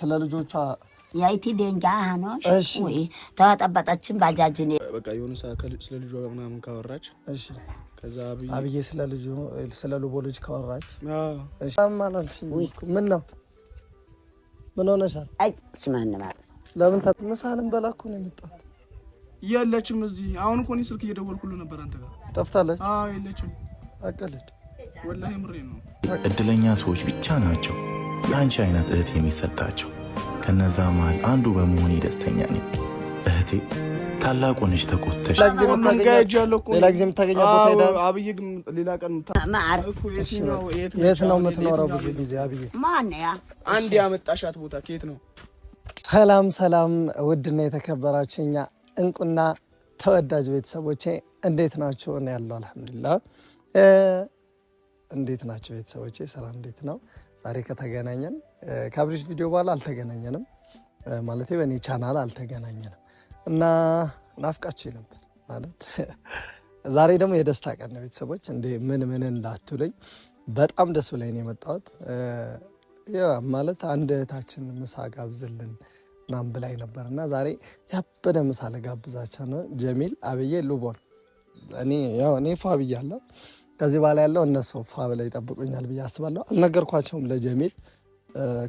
ስለ ልጆቿ ያይቲ ደንጃ ወይ ተጠበጠችን ባጃጅ በቃ የሆነ ስለ ልጇ ምናምን ካወራች ከዛ አብዬ ስለ ልጁ ስለ ልቦ ልጅ ካወራች ምን ነው ምን ሆነሻል? ለምን ምሳህን በላኩ ነው የመጣሁት። የለችም እዚህ አሁን እኮ እኔ ስልክ እየደወልኩልህ ነበር። አንተ ጋር ጠፍታለች። የለችም። አቀለድ ወላሂ ምሬ ነው። እድለኛ ሰዎች ብቻ ናቸው የአንቺ አይነት እህት የሚሰጣቸው ከነዛ መሃል አንዱ በመሆኔ ደስተኛ ነኝ። እህቴ ታላቁ ነች። ተቆጥተሽ ሌላ ጊዜ የምታገኛ የት ነው የምትኖረው? ብዙ ጊዜ አብይ አንድ ያመጣሻት ቦታ ከየት ነው? ሰላም ሰላም፣ ውድና የተከበራችሁ እኛ እንቁና ተወዳጅ ቤተሰቦቼ እንዴት ናችሁ? እኔ ያለው አልሐምዱሊላህ። እንዴት ናችሁ ቤተሰቦቼ? ስራ እንዴት ነው? ዛሬ ከተገናኘን ከብሪጅ ቪዲዮ በኋላ አልተገናኘንም፣ ማለት በእኔ ቻናል አልተገናኘንም እና ናፍቃችሁ ነበር ማለት ዛሬ ደግሞ የደስታ ቀን ነው። ቤተሰቦች እንደ ምን ምን እንዳትሉኝ በጣም ደስ ብላኝ ነው የመጣሁት። ማለት አንድ እህታችን ምሳ ጋብዝልን ምናምን ብላኝ ነበር እና ዛሬ ያበደ ምሳ ለጋብዛቸው ነው። ጀሚል አብዬ ሉቦን እኔ ያው እኔ ፏ ብያለሁ ከዚህ በኋላ ያለው እነሱ ፋ ብለው ይጠብቁኛል ብዬ አስባለሁ። አልነገርኳቸውም ለጀሚል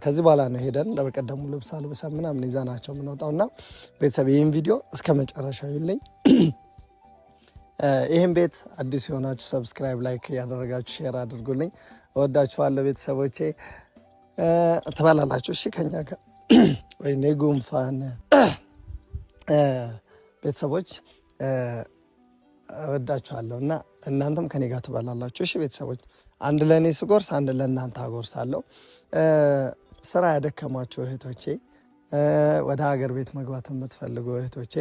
ከዚህ በኋላ ነው ሄደን ለበቀደሙ ልብስ አልብሰ ምናምን ይዛ ናቸው የምንወጣው እና ቤተሰብ ይህን ቪዲዮ እስከ መጨረሻ ይልኝ። ይህም ቤት አዲስ የሆናችሁ ሰብስክራይብ፣ ላይክ ያደረጋችሁ ሼር አድርጉልኝ። እወዳችኋለሁ ቤተሰቦቼ። ትበላላችሁ እሺ ከኛ ጋር ወይኔ ጉንፋን ቤተሰቦች እወዳችኋለሁ እና እናንተም ከኔ ጋር ትበላላችሁ። እሺ ቤተሰቦች፣ አንድ ለእኔ ስጎርስ አንድ ለእናንተ አጎርሳለሁ። ስራ ያደከማችሁ እህቶቼ፣ ወደ ሀገር ቤት መግባት የምትፈልጉ እህቶቼ፣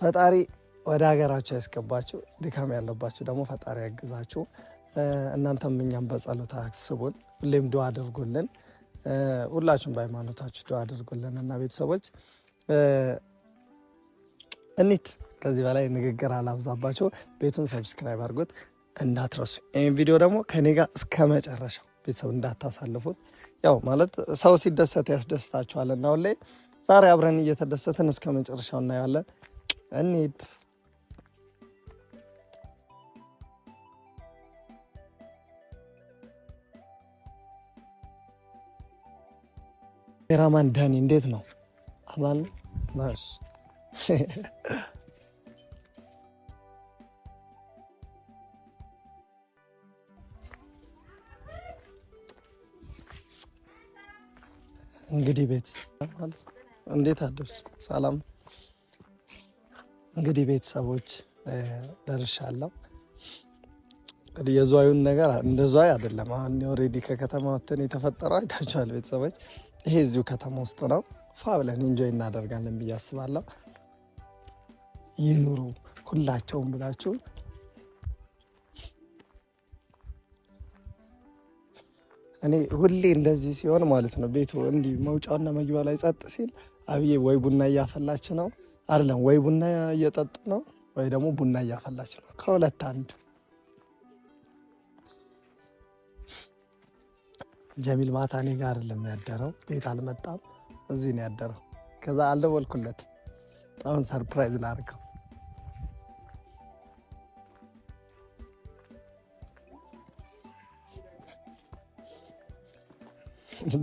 ፈጣሪ ወደ ሀገራችሁ ያስገባችሁ። ድካም ያለባችሁ ደግሞ ፈጣሪ ያግዛችሁ። እናንተም እኛም በጸሎት አስቡን። ሁሌም ዱዓ አድርጉልን። ሁላችሁም በሃይማኖታችሁ ዱ አድርጉልን እና ቤተሰቦች እኒት ከዚህ በላይ ንግግር አላብዛባቸው። ቤቱን ሰብስክራይብ አድርጉት እንዳትረሱ። ይህን ቪዲዮ ደግሞ ከኔ ጋር እስከ መጨረሻው ቤተሰብ እንዳታሳልፉት። ያው ማለት ሰው ሲደሰት ያስደስታችኋል እና ሁሌ ዛሬ አብረን እየተደሰትን እስከ መጨረሻው እናየዋለን። እንሂድ ሜራማን ዳኒ እንዴት ነው? አማን እንግዲህ ቤት እንዴት አደርስ ሰላም። እንግዲህ ቤተሰቦች ደርሻለሁ። የዝዋዩን ነገር እንደ ዝዋይ አይደለም። አሁን ኦልሬዲ ከከተማ ወተን የተፈጠረው አይታችኋል ቤተሰቦች። ይሄ እዚሁ ከተማ ውስጥ ነው። ፋ ብለን ኢንጆይ እናደርጋለን ብዬ አስባለሁ። ይኑሩ ሁላቸውም ብላችሁ እኔ ሁሌ እንደዚህ ሲሆን ማለት ነው ቤቱ እንዲህ መውጫውና መግቢያው ላይ ጸጥ ሲል አብዬ ወይ ቡና እያፈላች ነው አይደለም፣ ወይ ቡና እየጠጡ ነው ወይ ደግሞ ቡና እያፈላች ነው። ከሁለት አንዱ። ጀሚል ማታ እኔ ጋር አይደለም ያደረው፣ ቤት አልመጣም፣ እዚህ ነው ያደረው። ከዛ አልደወልኩለት። አሁን ሰርፕራይዝ ላድርገው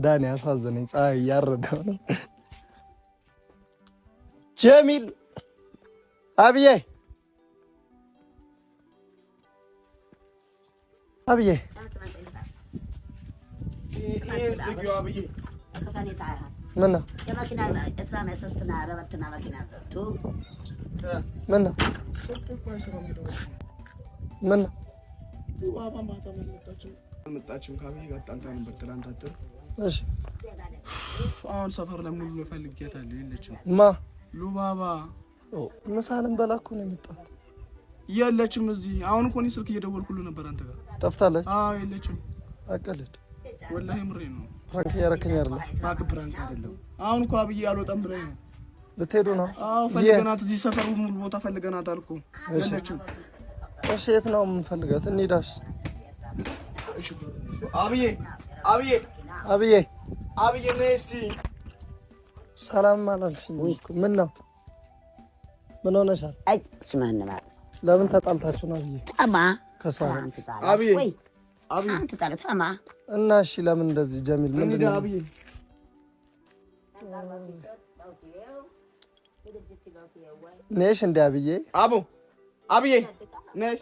ዳኒ ያሳዘነኝ ፀሐይ እያረደው ነው። ጀሚል አብዬ አብዬ ምነው ምነው ምነው አልመጣችም። ካብዬ ጋር ጣልታ ነበር ትናንት አጥር። እሺ አሁን ሰፈር ለሙሉ እፈልጊያታለሁ፣ የለችም። ማ ሉባባ ምሳ ልንበላ ነው የመጣሁት። የለችም እዚህ። አሁን እኮ እኔ ስልክ እየደወልኩልህ ነበር፣ አንተ ጋር ጠፍታለች። አዎ የለችም። አቀልድ ወላሂ ምሬን ነው። ፕራንክ እያደረከኝ አይደለም። እባክህ ፕራንክ አይደለም። አሁን እኮ አብዬ አልወጣም ብለኸኝ ነው። ልትሄዱ ነው? አዎ ፈልገናት፣ እዚህ ሰፈር ሙሉ ቦታ ፈልገናት አልኩህ። የለችም። እሺ የት ነው የምንፈልጋት? እንሂዳስ አብዬ አብዬ አብዬ አብዬ ነይ እስቲ። ሰላም አላልሽኝ እኮ ምን ነው? ምን ሆነሻል? አይ ስማን ማለት ለምን ተጣልታችሁ ነው? አብዬ ተማ ከሳ አብዬ አብዬ አንተ ታለ እና እሺ፣ ለምን እንደዚህ ጀሚል ምን ነው አብዬ ነሽ እንደ አብዬ አቡ አብዬ ነሽ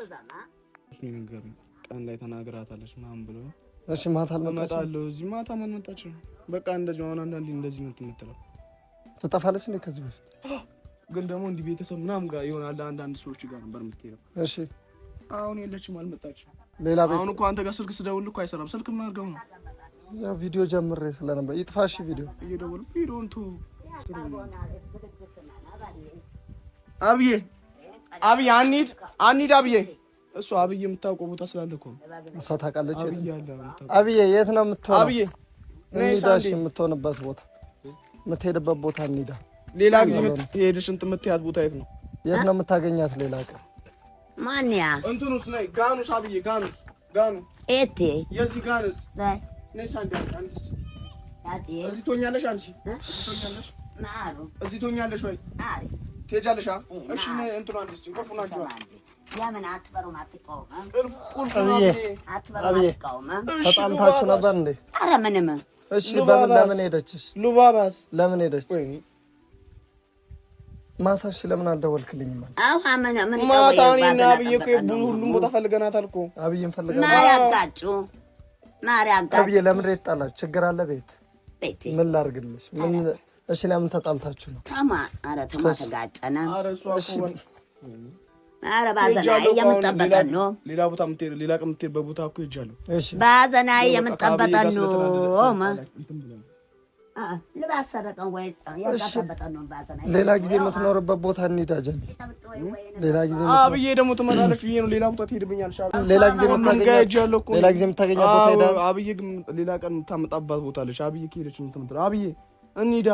ቀን ላይ ተናግራታለች ምናምን ብሎ እሺ፣ ማታ እመጣለሁ እዚህ ማታ ማን መጣች ነው በቃ እንደዚህ አሁን አንዳንዴ እንደዚህ ነው የምትለው። ትጠፋለች እንዴ ከዚህ በፊት ግን ደግሞ እንዲህ ቤተሰብ ምናምን ጋር ይሆናል አንዳንድ ሰዎች ጋር ነበር የምትሄደው። እሺ፣ አሁን የለችም አልመጣችም። ሌላ ቤት አሁን እኮ አንተ ጋር ስልክ ስደውል እኮ አይሰራም። ስልክ ምን አድርገው ነው ያው ቪዲዮ ጀምሬ ስለነበር ይጥፋ። እሺ፣ ቪዲዮ እየደወሉ ቪዲዮን ቱ አብዬ አብዬ አንሂድ አንሂድ አብዬ እሱ አብዬ የምታውቀው ቦታ ስላለ እኮ እሷ ታውቃለች። አብዬ የት ነው የምትሆነው? አብዬ እንሂዳሽ የምትሆንበት ቦታ የምትሄድበት ቦታ እንሂዳ። ሌላ ጊዜ ሄድሽ እንትን የምትሄያት ቦታ የት ነው? የት ነው የምታገኛት? ሌላ ቀን ማን ያ እንትኑስ ነይ ጋኑስ። አብዬ ጋኑስ ጋኑ ኤቴ የዚህ ጋኑስ ነይ ሳንዲ አንቺ እዚህ ትሆኛለሽ። አንቺ እዚህ ትሆኛለሽ ወይ ትሄጃለሽ? እሺ እንትኑ አንቺ ቁልፉን አንቺ የምን አትበሩም ተጣልታችሁ ነበር እንዴ? ኧረ ምንም። እሺ በምን ለምን ሄደችሽ? ሉባባስ ለምን ሄደች? ማታሽ ለምን አልደወልክልኝ? አሁን ማታ እኔና አብዬ እኮ ሁሉም ቦታ ፈልገናታል እኮ አብዬን ፈልገናል። ለምን ሬት ጣላችሁ? ችግር አለ ቤት ቤቴ። ምን ላድርግልሽ? እሺ፣ ለምን ተጣልታችሁ ነው? ተማ ኧረ ተማ ተጋጨና። ኧረ ባዘናይ የምጠበጠን ነው። ሌላ ቦታ የምትሄድ ሌላ ቀን የምትሄድ በቦታ እኮ ይጃሉ ባዘናይ የምጠበጠን ነው። ሌላ ጊዜ የምትኖርበት ቦታ እንሂዳ ጀሚ። ሌላ ጊዜ ብዬ ደግሞ ትመጣለች ብዬ ነው። ሌላ ቦታ ትሄድብኛለች። ሌላ ጊዜ የምታገኛት ቦታ ሄዳ አብዬ ግን ሌላ ቀን የምታመጣባት ቦታ አብዬ ከሄደች እንትን አብዬ እንሂዳ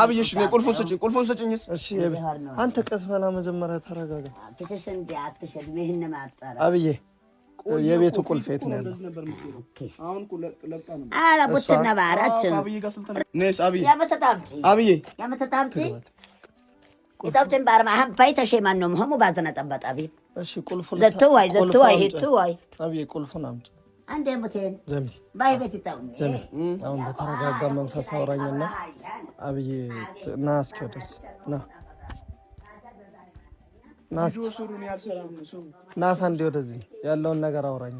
አብዬሽ ነው። ቁልፉን ስጭኝ፣ ቁልፉን ስጭኝ። እሺ አንተ ቀስ በላ መጀመሪያ ተረጋጋ። አብዬ የቤቱ ቁልፍ የት ነው ያለው? አብዬ ቁልፉን አምጪ አሁን በተረጋጋ መንፈስ አውራኝና አብዬ ና አስኪያደስ ና ናስ አንዴ ወደዚህ ያለውን ነገር አውራኝ።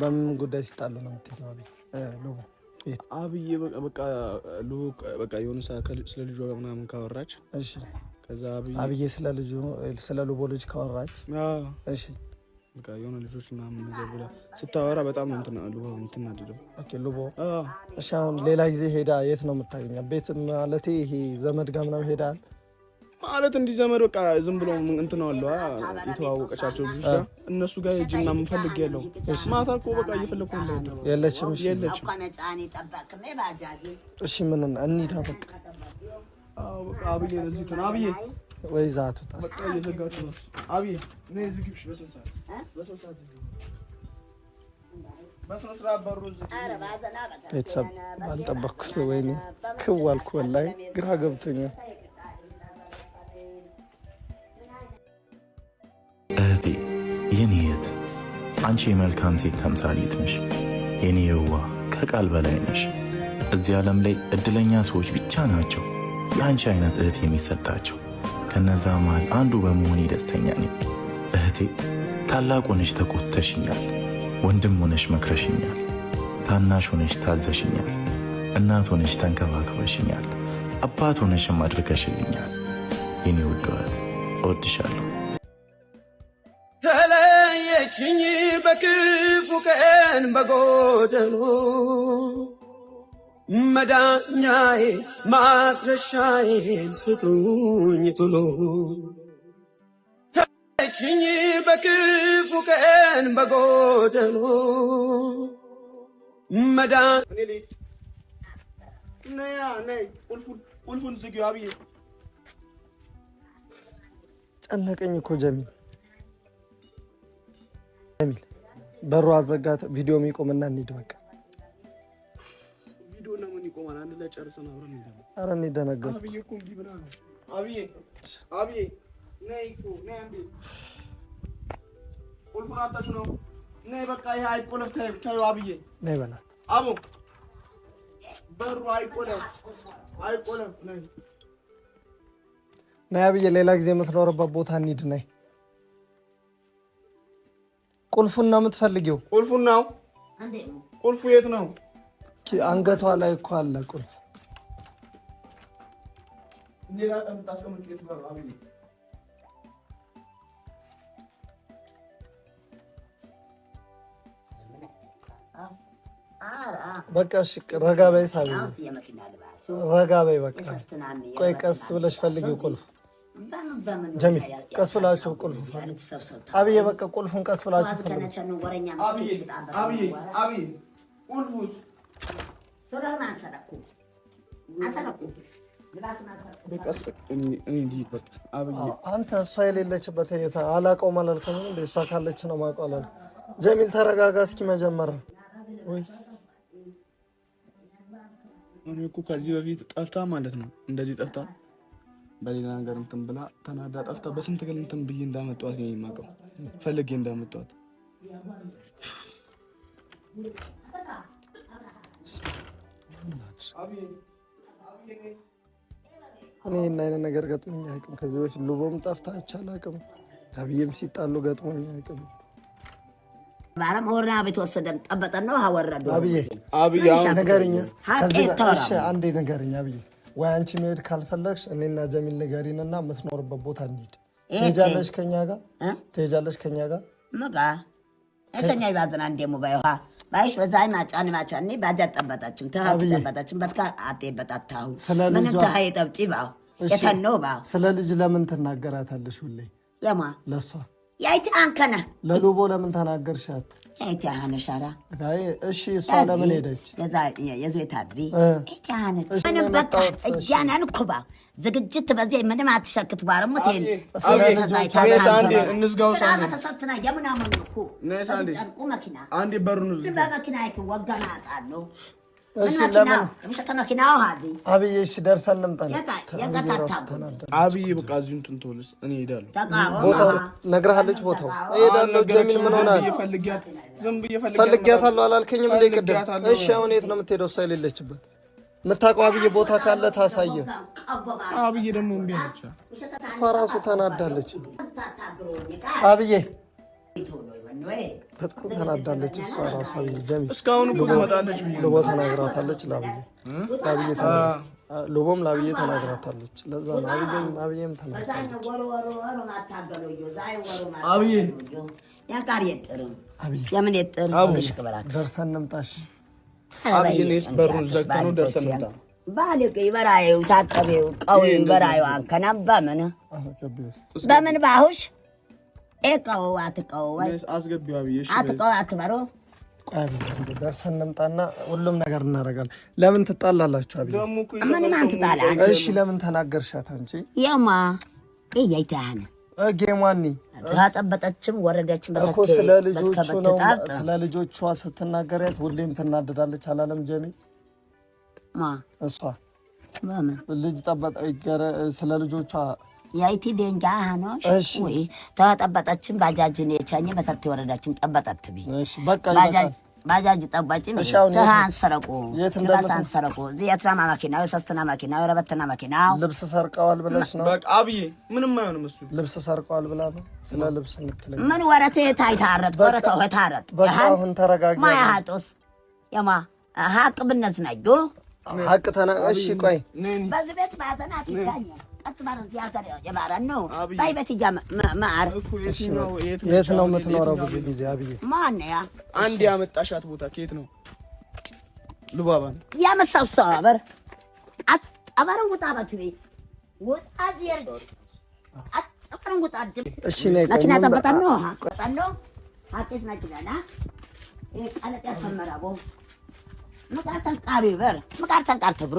በምን ጉዳይ ሲጣሉ ነው የምትሄደው? አብዬ በቃ የሆነ ስለ ልጇ ምናምን ካወራች አብዬ ስለ ልጁ ስለ ልቦ ልጅ ካወራች እሺ የሆነ ልጆች ምናምን ነገር ብላ ስታወራ በጣም ምትናድደው ልቦ። እሺ አሁን ሌላ ጊዜ ሄዳ የት ነው የምታገኛ? ቤት ማለት ይሄ ዘመድ ጋር ምናምን ሄዳል ማለት እንዲህ ዘመድ በቃ ዝም ብሎ እንትን አለዋ የተዋወቀቻቸው ልጆች ጋር እነሱ ጋር ሂጅ ምናምን ፈልግ ያለው ማታ እኮ በቃ እየፈለኩ የለችም፣ እሺ ምን እንሂዳ በቃ ወይ ዛቱ ቤተሰብ ወይኔ ክው አልኩ። ወላሂ ግራ ገብቶኛል። እህቴ የኔ የት አንቺ የመልካም ሴት ተምሳሌት ነሽ። የኔ የዋ ከቃል በላይ ነሽ። እዚህ ዓለም ላይ እድለኛ ሰዎች ብቻ ናቸው የአንቺ አይነት እህት የሚሰጣቸው ከነዛ መሃል አንዱ በመሆኔ ደስተኛ ነኝ። እህቴ ታላቅ ሆነሽ ተቆተሽኛል ወንድም ሆነሽ መክረሽኛል፣ ታናሽ ሆነሽ ታዘሽኛል፣ እናት ሆነሽ ተንከባክበሽኛል፣ አባት ሆነሽም አድርገሽልኛል። የኔ ውድ እህት እወድሻለሁ። ተለየችኝ በክፉ ቀን በጎደሉ መዳኛዬ ማስረሻዬን ስጡኝ ቶሎ ተችኝ በክፉ ቀን በጎደሎ መዳን ቁልፉን ዝጊው። አብዬ ጨነቀኝ እኮ ጀሚል ጀሚል፣ በሩ አዘጋት። ቪዲዮ የሚቆምና እንሂድ በቃ ጨርሰን አብረን እንሄዳለን። ኧረ እኔ ደነገጥኩ። አብዬ እኮ እንዲህ ብላ ነው። አብዬ አብዬ ነይ እኮ ነይ፣ አንዴ ቁልፉን አታሽ ነው። ነይ በቃ ይሄ አይቆለፍ። ተይው ተይው፣ አብዬ ነይ በላት። አቦ በሩ አይቆለፍ፣ አይቆለፍ። ነይ ነይ አብዬ፣ ሌላ ጊዜ የምትኖርበት ቦታ እንሂድ። ነይ ቁልፉን ነው የምትፈልጊው? ቁልፉን ነው። ቁልፉ የት ነው? አንገቷ ላይ እኮ አለ ቁልፍ። ሌላ ቀን የምታስቀምጥ የት ነው? አብይ በቃ እሺ፣ ረጋ በይ ሳሚ፣ ረጋ በይ በቃ። ቆይ ቀስ ብለሽ ፈልጊው ቁልፍ። ጀሚል ቀስ ብላችሁ ቁልፍ አብዬ በቃ ቁልፉን ቀስ ብላችሁ ፈልጉ። አብዬ ቁልፉስ አንተ እሷ የሌለችበት እኔታ አላውቀውም አላልክም? እሷ ካለች ነው የማውቀው አላልክም? ጀሚል ተረጋጋ እስኪ መጀመሪያ። እኔ እኮ ከዚህ በፊት ጠፍታ ማለት ነው እንደዚህ ጠፍታ በሌላ ነገር እንትን ብላ ተናዳ ጠፍታ በስንት ግን እንትን ብዬ እንዳመጧት ነው የማውቀው ፈልጌ እንዳመጧት እኔ ይህን አይነት ነገር ገጥሞኝ አያውቅም። ከዚህ በፊት ሉቦም ጠፍታ አላውቅም። ከብዬም ሲጣሉ ገጥሞኝ አያውቅም። አንዴ ንገሪኝ አብዬ። ወይ አንቺ መሄድ ካልፈለግሽ እኔና ጀሚል ንገሪንና የምትኖርበት ቦታ እንሂድ። ትሄጃለሽ ከኛ ጋር ትሄጃለሽ ከኛ ጋር መቃ እሰኛ ይባዝና እንደሙ ባይዋ ባይሽ በዛይ ማጫን ማጫኒ ባጃጠበታችን ተሃብ ተበታችን በትካ አጤ በጣታው ምን ተሃይ ጠብጪ ባው የተኖ ባው ስለ ልጅ ለምን ትናገራታለሽ? ሁሌ ለማ ለሷ ያይቲ አንከነ ለሉቦ ለምን ተናገርሻት? ያይቲ አሃነ ሻራ አይ እሺ፣ እሷ ለምን ሄደች? የዛ የዞ የታድሪ ያይቲ አሃነ ምን በቃ እያናን ኩባ ዝግጅት በዚህ ምንም አትሸክት ባረሙት ይሄን ተሳስትና የምናምን እኮ ጨርቁ መኪና አንዴ በሩን በመኪና አብይ እሺ፣ ደርሰን አብይ በቃ እዚሁ እንትን ትሆንስ እኔ እሄዳለሁ። ነግረሃለች። ቦታው እሄዳለሁ። ጀሚል ምን ሆናል? ፈልጊያታለሁ አላልከኝም? እንደ ቅድም። እሺ፣ አሁን የት ነው የምትሄደው? እሷ የሌለችበት የምታውቀው አብዬ ቦታ ካለ ታሳየ። አብዬ ደግሞ እምቢ አለች። እሷ ራሱ ተናዳለች። አብዬ በጣም ተናዳለች። እሷ ራሱ አብዬ ጀሚ እስካሁን ልቦ ተናግራታለች። ለአብዬ ለአብዬ ልቦም ተናግራታለች። ለዛ ነው አብዬም አብዬም ተናግራለች። አብዬ የምን የጥር ደርሰን እንምጣሽ አብግሌስ በሩን ዘግተነው ደርሰን መጣ። ባልቅ ይበራዩ ታጠቤው ቀው ይበራዩ አንከናም በምን በምን ባሁሽ ኤቀው አትቀው አትቀው አትበሩ ደርሰን እንምጣና ሁሉም ነገር እናደርጋለን። ለምን ትጣላላችሁ? አብይ ምንም አንትጣላ። እሺ ለምን ተናገርሻት አንቺ? የማ እያይታህን ጌማኒ ተጣበጠችም ወረደችም እኮ ስለ ልጆቹ ነው። ስለ ልጆቿ ስትናገሪያት ሁሌም ትናደዳለች አላለም? ጀሚ እሷ ልጅ ጠበጠ ስለ ልጆቿ የአይቲ ደንጃ ሀኖሽ ተጠበጠችም ባጃጅን የቻኝ መተት ወረዳችን ጠበጠት ቢ ባጃጅ ጠባጭ አንሰረቁ አንሰረቁ የትራማ መኪና የሰስትና መኪና የረበትና መኪና ልብስ ሰርቀዋል ብለሽ ነው አብይ ምንም አይሆንም። እሱ ልብስ ሰርቀዋል ብላ ነው ስለ ልብስ የምትለኝ ምን ወረቴ ታይታረት ወረተ ታረት አሁን ተረጋጋ። ማያጦስ የማ ሀቅ ብነት ነጆ ሀቅ ተና እሺ ቆይ በዚህ ቤት ማዘናት ይቻኛል የት ነው የምትኖረው? ብዙ ጊዜ አብዬ አንድ ያመጣሻት ቦታ ከየት ነው? ልባባ ነው ያመሳው ሰው አበር አባረን ውጣ ባችሁ ቤት ውጣ ዚርጅ አባረን ውጣ ድም እሺ ነይ መኪና ተበጣን ነው አቆጣን ነው አጥት ነጅላና ይቃለጥ ያሰመራቦ መቃርተን ቃሪ በር መቃርተን ቃር ተብሮ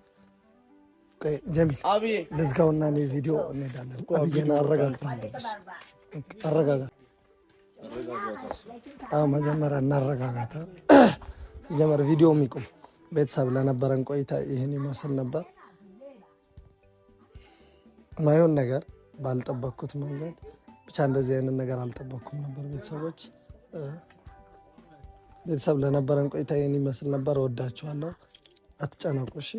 ጀሚል ልዝጋውና እኔ ቪዲዮ እንሄዳለን። አብዬን አረጋግታ አረጋጋ። መጀመሪያ እናረጋጋታ። ሲጀመር ቪዲዮ የሚቁም ቤተሰብ ለነበረን ቆይታ ይህን ይመስል ነበር። ማየውን ነገር ባልጠበቅኩት መንገድ ብቻ እንደዚህ አይነት ነገር አልጠበኩም ነበር። ቤተሰቦች ቤተሰብ ለነበረን ቆይታ ይህን ይመስል ነበር። ወዳችኋለሁ። አትጨነቁ እሺ።